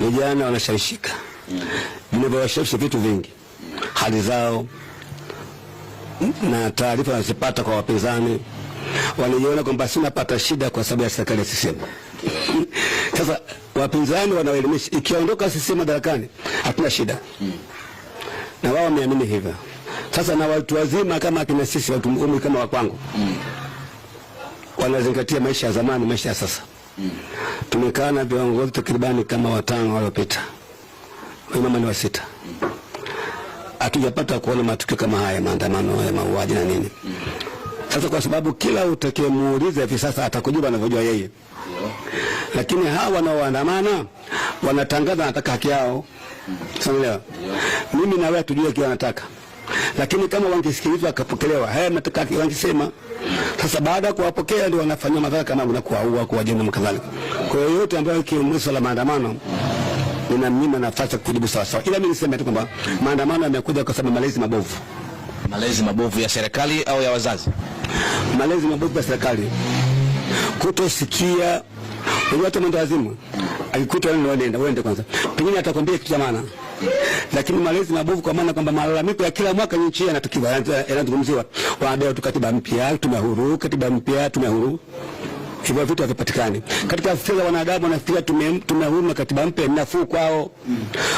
vijana wanashawishika, vinavyowashawisha mm. vitu vingi, hali zao na taarifa wanazipata kwa wapinzani, wanajiona kwamba sinapata shida kwa sababu ya serikali ya CCM. Sasa wapinzani wanawaelimisha, ikiondoka CCM madarakani hatuna shida, mm. na wao wameamini hivyo. Sasa na watu wazima kama kina sisi, watu umri kama wa kwangu, mm. wanazingatia maisha ya zamani, maisha ya sasa. Tumekaa na viongozi takribani kama watano waliopita, huyu mama ni wa sita, hatujapata kuona matukio kama haya, maandamano ya mauaji na nini. Sasa kwa sababu kila utakayemuuliza hivi sasa atakujibu anavyojua yeye, lakini hawa wanaoandamana wanatangaza nataka haki yao. Sanaelewa mimi na wewe tujue kile wanataka, lakini kama wangesikilizwa wakapokelewa haya nataka wangesema sasa baada ya kuwapokea ndio wanafanyia madhara kama na kuwaua, kuwajeruhi na kadhalika. Kwa hiyo yote ambayo kiongozi la maandamano inamnyima nafasi ya kujibu sawasawa, ila mimi niseme tu kwamba maandamano yamekuja kwa sababu malezi mabovu malezi mabovu ya serikali au ya wazazi, malezi mabovu ya serikali, kutosikia. Unajua, hata mwenda wazimu akikuta wewe ndio kwanza, pengine atakwambia kitu cha maana lakini malezi mabovu, kwa maana kwamba malalamiko ya kila mwaka nchi yanatukiwa yanazungumziwa, wanadai tu katiba mpya, tumehuru, katiba mpya, tumehuru. Hivyo vitu havipatikani katika fikra za wanadamu. Wanafikiria tumehuru na katiba mpya nafuu kwao.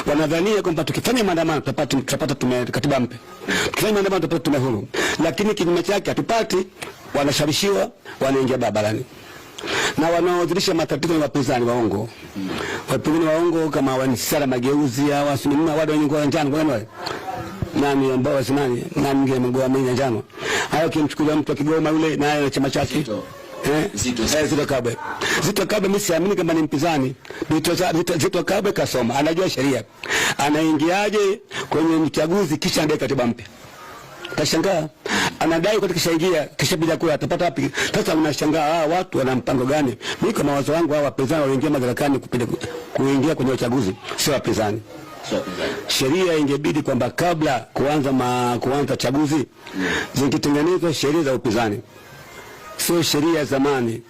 Wanadhania kwamba tukifanya maandamano tutapata tume katiba mpya, tukifanya maandamano tutapata tumehuru, lakini kinyume chake hatupati. Wanashawishiwa, wanaingia barabarani na wanaodhirisha matatizo ni wapinzani waongo. Wapinzani waongo kama wanisara mageuzi hawa si wale wenye ngoja njano kwa nini? Nani ambao wasimani nani ngeme mgoa mwenye njano. Hayo kimchukulia mtu akigoma yule naye na chama chake. Eh? Zito, eh, Zito Kabwe. Zito Kabwe mimi siamini kama ni mpinzani. Zito, Zito, Zito Kabwe kasoma, anajua sheria. Anaingiaje kwenye mchaguzi kisha ndio katiba mpya? Kashangaa anadai wakati kishaingia bila kula atapata wapi? Sasa unashangaa hawa watu wana mpango gani? Mimi kwa mawazo yangu, hawa wapinzani waingia madarakani kuingia kwenye uchaguzi sio wapinzani. Sheria ingebidi kwamba kabla kuanza ma, kuanza chaguzi mm. zingetengenezwa sheria za upinzani, sio sheria ya zamani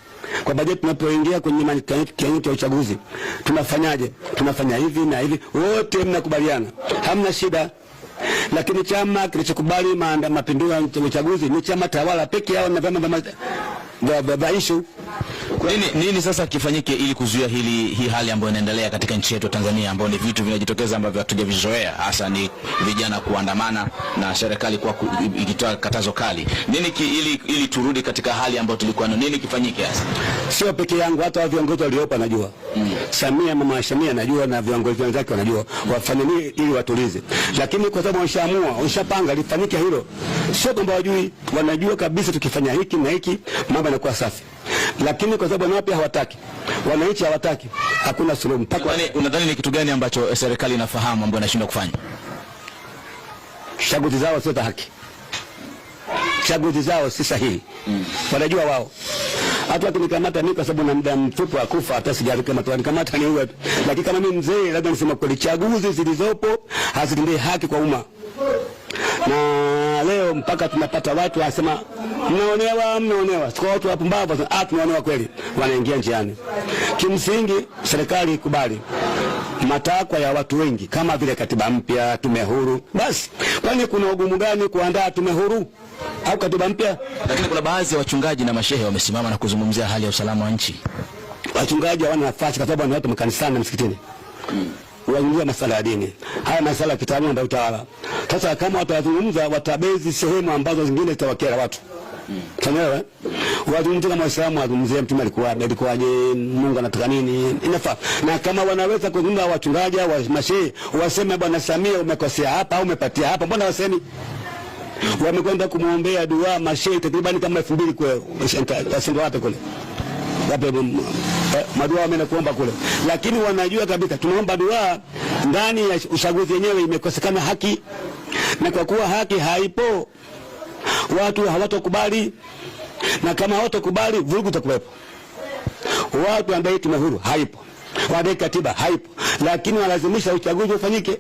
kwa je, tunapoingia kwenye kinyang'anyiro cha uchaguzi tunafanyaje? Tunafanya hivi na hivi, wote mnakubaliana, hamna shida lakini chama kilichokubali mapinduzi ya uchaguzi ni chama tawala peke yao na vyama vya ishu nini, nini sasa kifanyike ili kuzuia hili hii hali ambayo inaendelea katika nchi yetu Tanzania, ambayo ni vitu vinajitokeza ambavyo hatujavizoea, hasa ni vijana kuandamana na serikali kwa ikitoa katazo kali nini ki, ili, ili turudi katika hali ambayo tulikuwa nayo, nini kifanyike hasa? Sio peke yangu, hata wa viongozi waliopo najua mm. Samia, mama Samia najua na viongozi wenzake wanajua mm. Wafanye nini ili watulize, lakini kwa sababu washaamua washapanga lifanyike hilo, sio kwamba wajui, wanajua kabisa tukifanya hiki na hiki mambo yanakuwa safi lakini kwa sababu wanao pia hawataki, wananchi hawataki, hakuna suluhu mpaka. Unadhani ni kitu gani ambacho eh, serikali inafahamu ambayo inashindwa kufanya? Chaguzi zao sio za haki, chaguzi zao si sahihi mm. Wanajua wao hata wakinikamata mimi kwa sababu na muda mfupi wa kufa, hata sijakamata wanikamata ni wewe, lakini kama mimi mzee, labda nisema kweli, chaguzi zilizopo hazitendei haki kwa umma na leo mpaka tunapata watu wasema mnaonewa, mnaonewa. Kwa watu wapumbavu, ah, tunaonewa kweli, wanaingia njiani. Kimsingi serikali ikubali matakwa ya watu wengi kama vile katiba mpya, tume huru. Basi kwani kuna ugumu gani kuandaa tume huru au katiba mpya? Lakini kuna baadhi ya wachungaji na mashehe wamesimama na kuzungumzia hali ya usalama wa nchi. Wachungaji hawana nafasi kwa sababu ni watu makanisani na msikitini waingia masala ya dini, haya masala ya kitaaluma ndio utawala. Sasa kama watazungumza, watabezi sehemu ambazo zingine zitawakera watu Samewe wazungumzie kama Waislamu wazungumzie mtume alikuwa alikuwaje, Mungu anataka nini, inafaa. Na kama wanaweza kuzungumza wachungaji au mashehe, waseme Bwana Samia umekosea hapa au umepatia hapa, mbona wasemi wamekwenda kumuombea dua mashehe takriban kama elfu mbili kule, eh, washinda wapi kule Eh, madua wameenda kuomba kule, lakini wanajua kabisa tunaomba dua ndani ya uchaguzi wenyewe imekosekana haki, na kwa kuwa haki haipo, watu hawatokubali, na kama hawatokubali vurugu itakuwepo. Watu ambao tume huru haipo, wadai katiba haipo, lakini wanalazimisha uchaguzi ufanyike.